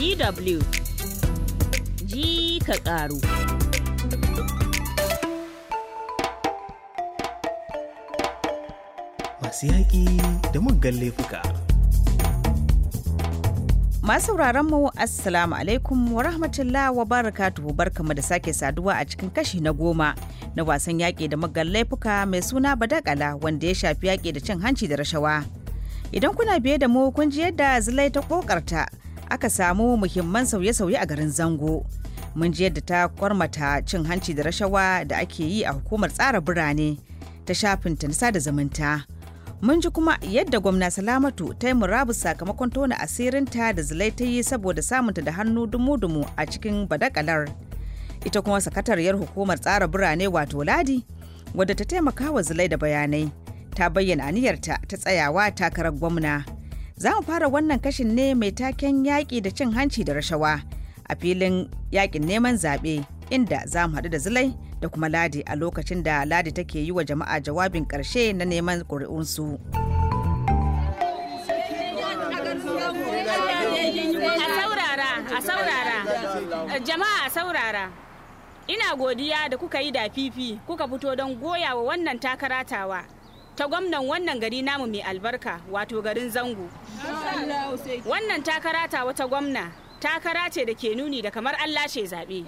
DW ji ka ƙaru. Masu yaƙi da muggan laifuka. Masu mu Assalamu alaikum wa rahmatullah wa barakatuhu barkamu da sake saduwa a cikin kashi na goma na wasan yaƙi da muggan laifuka mai suna badakala wanda ya shafi yaƙi da cin hanci da rashawa. Idan kuna biye da mu kun ji yadda zulai ta ƙoƙarta aka samu muhimman sauye-sauye a garin zango mun ji yadda ta kwarmata cin hanci da rashawa da ake yi a hukumar tsara birane ta shafin ta da zamanta. mun ji kuma yadda gwamna salamatu ta yi murabus sakamakon tona asirinta da zulai ta yi saboda samunta da hannu dumu-dumu a cikin badakalar ita kuma sakatariyar hukumar tsara birane wato ladi wadda ta taimaka wa zulai da bayanai ta bayyana aniyarta ta tsayawa takarar gwamna Za mu fara wannan kashin ne mai taken yaƙi da cin hanci da rashawa a filin yaƙin neman zaɓe inda za mu haɗu da zulai da kuma ladi a lokacin da ladi take yi wa jama'a jawabin ƙarshe na neman ƙuri'unsu. A saurara, jama'a a saurara. Ina godiya da kuka yi da fifi kuka fito don goya wa wannan takaratawa. ta gwamnan wannan gari namu mai albarka wato garin zango wannan takara ta wata gwamna takara ce da ke nuni da kamar allah ce zaɓe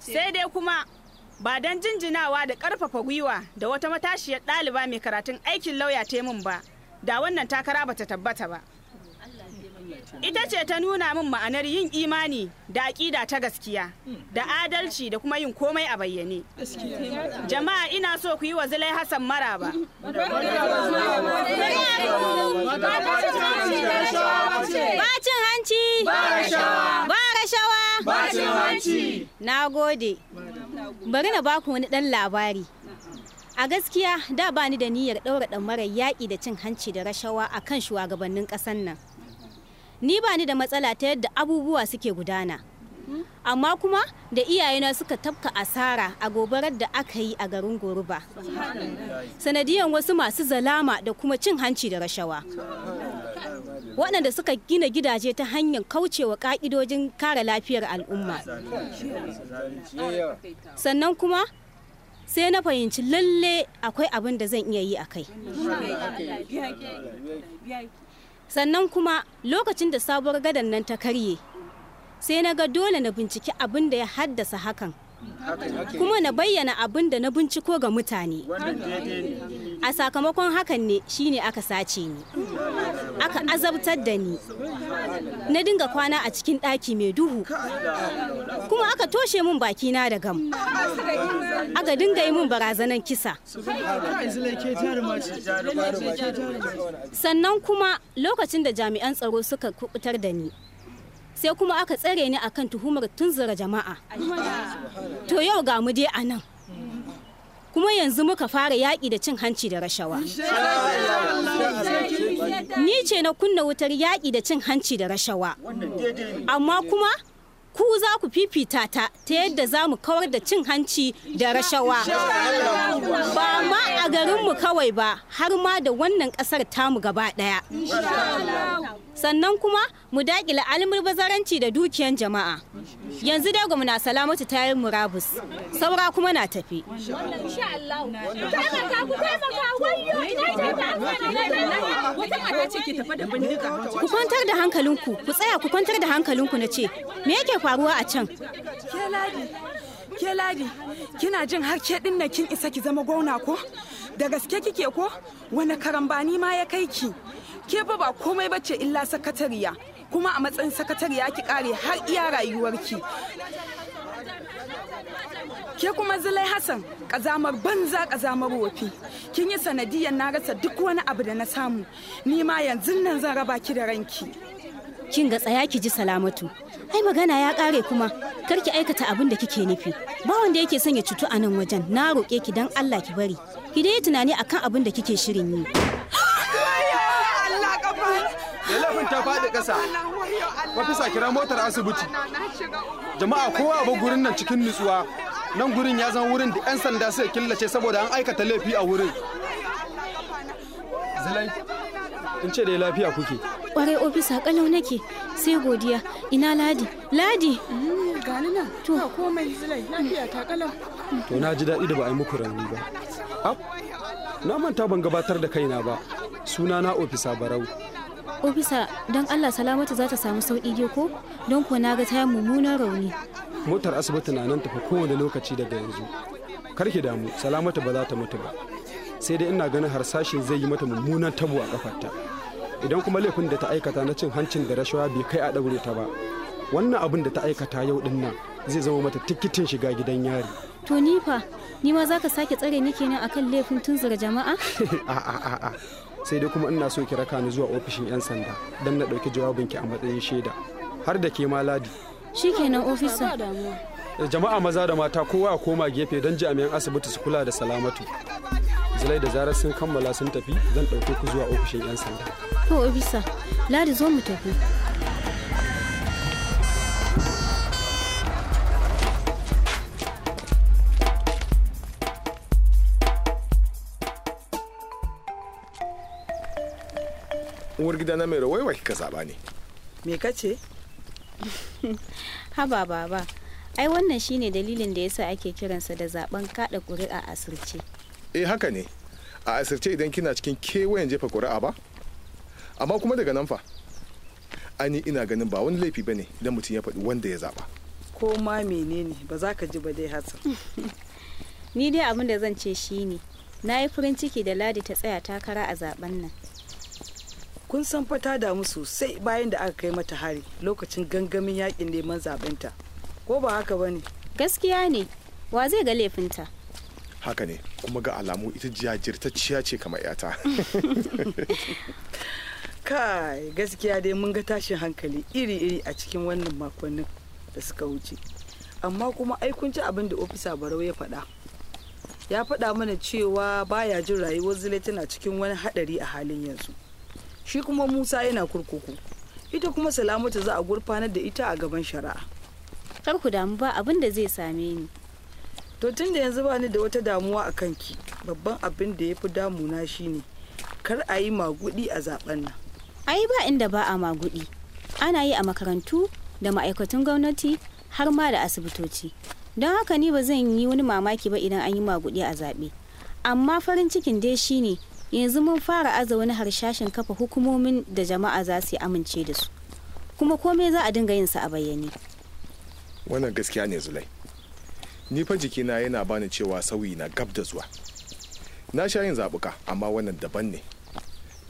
sai dai kuma ba don jinjinawa da ƙarfafa gwiwa da wata matashiyar ɗaliba mai karatun aikin lauya ta mun ba da wannan takara bata tabbata ba ita ce ta nuna min ma'anar yin imani da aƙida ta gaskiya da adalci da kuma yin komai a bayyane jama'a ina so ku yi wa zulai hassan maraba bacin hanci ba rashawa bacin hanci na gode bari na baku wani dan labari a gaskiya da bani da niyyar ɗaura marar yaƙi da cin hanci da rashawa a kan shugabannin ƙasar nan ni ba ni da matsala ta yadda abubuwa suke gudana amma kuma da iyayena suka tafka asara a gobarar da aka yi a garin goruba sanadiyan wasu masu zalama da kuma cin hanci da rashawa waɗanda suka gina gidaje ta hanyar kaucewa ƙa'idojin kare lafiyar al'umma sannan kuma sai na fahimci lalle akwai abin da zan iya yi a kai sannan kuma lokacin da sabuwar gadan nan ta karye sai na ga dole na binciki abin da ya haddasa hakan kuma na bayyana abin da na binciko ga mutane a sakamakon hakan ne shine aka sace ni aka azabtar da ni na dinga kwana a cikin ɗaki mai duhu kuma aka toshe mun bakina da gam aka dinga yi mun barazanan kisa sannan kuma lokacin da jami'an tsaro suka kubutar da ni sai kuma aka tsare ni akan tuhumar tunzura jama'a to yau ga mu dai a nan kuma yanzu muka fara yaƙi da cin hanci da rashawa. Ni ce na kunna wutar yaƙi da cin hanci da rashawa. Amma kuma ku za ku fifita ta ta yadda za mu kawar da cin hanci da rashawa. Ba ma a garinmu kawai ba har ma da wannan ƙasar tamu gaba ɗaya. sannan kuma mu dakile almubazzaranci da dukiyan jama'a yanzu dai gwamna salamatu ta yi murabus saura kuma na tafi ku kwantar da hankalinku ku tsaya ku kwantar da hankalinku na ce me yake faruwa a can ke ladi kina jin har ke dinna kin isa ki zama gwamna ko da gaske kike ko wani karambani ma ya kai ki ke fa ba komai bace illa sakatariya kuma a matsayin sakatariya ki kare har iya rayuwarki ke kuma zulai hassan kazamar banza kazamar wofi kin yi sanadiyar na rasa duk wani abu da na samu ni ma yanzu nan zan raba ki da ranki kin ga tsaya ki ji salamatu ai magana ya kare kuma kar ki aikata abin da kike nufi ba wanda yake son ya cutu a nan wajen na roƙe ki dan Allah ki bari ki dai tunani akan abin da kike shirin yi Allah kafa lafin ta faɗi ƙasa mafisa kira motar asibiti jama'a kowa ba gurin nan cikin nutsuwa nan gurin ya zama wurin da 'yan sanda suka killace saboda an aikata laifi a wurin zalai in ce dai lafiya kuke kwarai ofisa kalau nake sai godiya ina ladi ladi mm, ganina to komai lafiya ta kalau to na ji daɗi da ba a yi muku rauni ba na manta ban gabatar da kaina ba suna na ofisa barau ofisa don allah salamatu za ta samu sauƙi dai ko don ko na ga ta mummunan rauni motar asibiti na nan tafi kowane lokaci daga yanzu kar ki damu salamatu ba za ta mutu ba sai dai ina ganin harsashin zai yi mata mummunan tabo a kafarta idan kuma laifin da ta aikata na cin hancin da rashawa bai kai a ɗaure ta ba wannan abin da ta aikata yau din nan zai zama mata tikitin shiga gidan yari to ni fa ni ma zaka sake tsare ni kenan akan laifin tunzura jama'a a'a sai dai kuma ina so ki raka ni zuwa ofishin yan sanda dan na ɗauki jawabinki a matsayin shaida har da ke ma ladi shikenan ofisa jama'a maza da mata kowa a koma gefe don jami'an asibiti su kula da salamatu zulai da zarar sun kammala sun tafi zan ɗauke ku zuwa ofishin 'yan sanda ko obisa ladi zo mu tafi uwar gida na mai rawaiwa kika zaba ne me kace haba baba ai wannan shine dalilin da yasa ake kiransa da zaben kada a asirce eh haka ne a asirce idan kina cikin kewayen jefa ƙuri'a ba amma kuma daga nan fa ani ina ganin ba wani laifi bane idan mutum ya faɗi wanda ya zaba ko ma menene ba za ka ji ba dai hasan. ni dai abin da zan ce shine na yi furin ciki da ladi ta tsaya takara a zaben nan kun san fa ta damu sosai bayan da aka kai mata hari lokacin gangamin yakin neman zabenta ko ba haka bane gaskiya ne wa zai ga laifinta haka ne kuma ga alamu ita jajirtacciya ce kamar 'yata kai gaskiya dai mun ga tashin hankali iri-iri a cikin wannan makonnin da suka wuce amma kuma ai kun ji abin da ofisa barau ya faɗa ya faɗa mana cewa baya jin rayuwar zile tana cikin wani haɗari a halin yanzu shi kuma musa yana kurkuku ita kuma salamatu za a gurfanar da ita a gaban shari'a kar ku damu ba abin da zai same ni to tun da yanzu ba ni da wata damuwa a kanki babban abin da ya fi damuna shine kar a yi magudi a zaben nan ai ba inda ba a magudi ana yi a makarantu da ma'aikatun gwamnati har ma da asibitoci don haka ni ba zan yi wani mamaki ba idan an yi magudi a zaɓe amma farin cikin dai shine yanzu mun fara aza wani harshashin kafa hukumomin da jama'a za su amince da su kuma komai za a dinga yin sa a bayyane wannan gaskiya ne zulai ni fa jikina yana bani cewa sauyi na gab da zuwa na sha yin zaɓuka amma wannan daban ne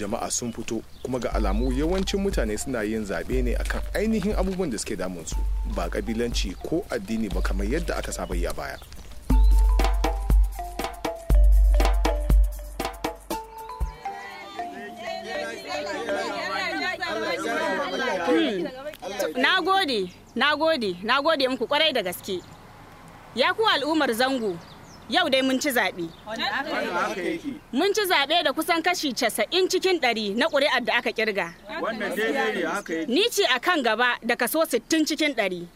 jama'a sun fito kuma ga alamu yawancin mutane suna yin zaɓe ne akan ainihin abubuwan da suke damunsu ba kabilanci ko addini ba kamar yadda aka saba a baya hmm. na gode na gode na gode muku kwarai da gaske ya ku al'ummar zango Yau dai mun ci zaɓe. Mun ci zaɓe da kusan kashi casa'in cikin ɗari na ƙuri'ar da aka ƙirga. Ni ce a kan gaba da kaso sittin cikin ɗari.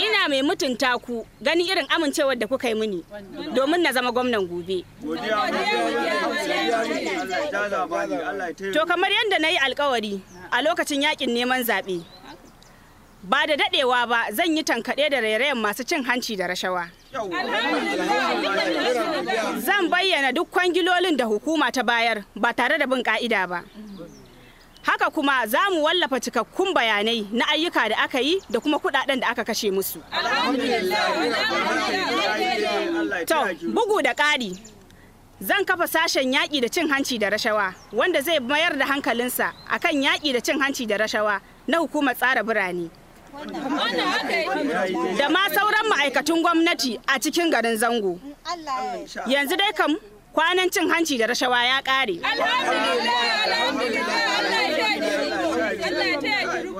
Ina mai mutunta ku gani irin amincewar da kuka yi mini domin na zama gwamnan gobe. To kamar yadda na yi alkawari a lokacin yakin neman zaɓe. ba da dadewa ba zan yi tankaɗe da rairayen masu cin hanci da rashawa. Zan bayyana duk kwangilolin da hukuma ta bayar ba tare da bin ka'ida ba. Haka kuma za mu wallafa cikakkun bayanai na ayyuka da aka yi da kuma kudaden da aka kashe musu. To, bugu da ƙari, zan kafa sashen yaƙi da cin hanci da rashawa wanda zai mayar da hankalinsa akan yaƙi da cin hanci da rashawa na hukumar tsara birane. da ma sauran ma'aikatun gwamnati a cikin garin zango yanzu dai kam kwanan cin hanci da rashawa ya kare.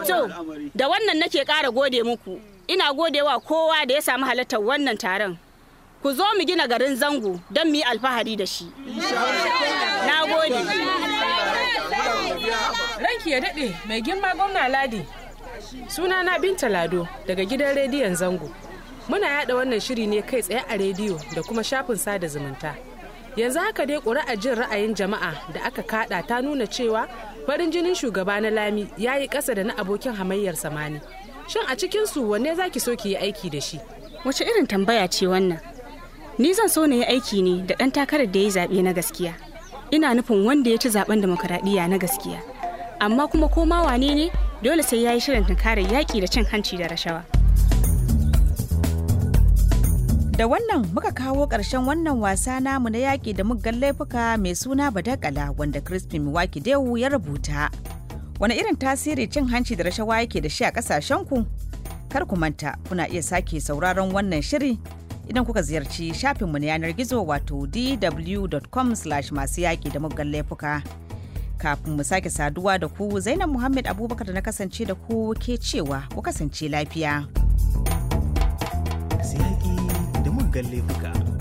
to da wannan nake ƙara gode muku ina gode wa kowa da ya samu halartar wannan taron ku zo mu gina garin zango don mu yi alfahari da shi na gode ranki ya daɗe mai girma gwamna ladi sunana binta lado daga gidan rediyon zango muna yada wannan shiri ne kai tsaye a rediyo da kuma shafin sada zumunta yanzu haka dai ƙuri'a jin ra'ayin jama'a da aka kada ta nuna cewa farin jinin shugaba na lami ya yi ƙasa da na abokin hamayyar samani shin a cikin su wanne za ki so ki yi aiki da shi wace irin tambaya ce wannan ni zan so na yi aiki ne da ɗan takarar da ya yi zaɓe na gaskiya ina nufin wanda ya ci zaɓen demokuraɗiyya na gaskiya amma kuma koma wane ne dole sai ya yi shirin tunkarar yaƙi da cin hanci da rashawa. Da wannan muka kawo ƙarshen wannan wasa namu na yaƙi da muggan laifuka mai suna Badakala wanda Crispin Waki Dewu ya rubuta. Wani irin tasiri cin hanci da rashawa yake da shi a ƙasashen ku? Kar ku manta kuna iya sake sauraron wannan shiri idan kuka ziyarci shafinmu na yanar gizo wato dw.com masu yaƙi da muggan laifuka. kafin mu sake saduwa da ku zainab muhammad abubakar da na kasance da ku ke cewa ku kasance lafiya. Sai da muggan laifuka.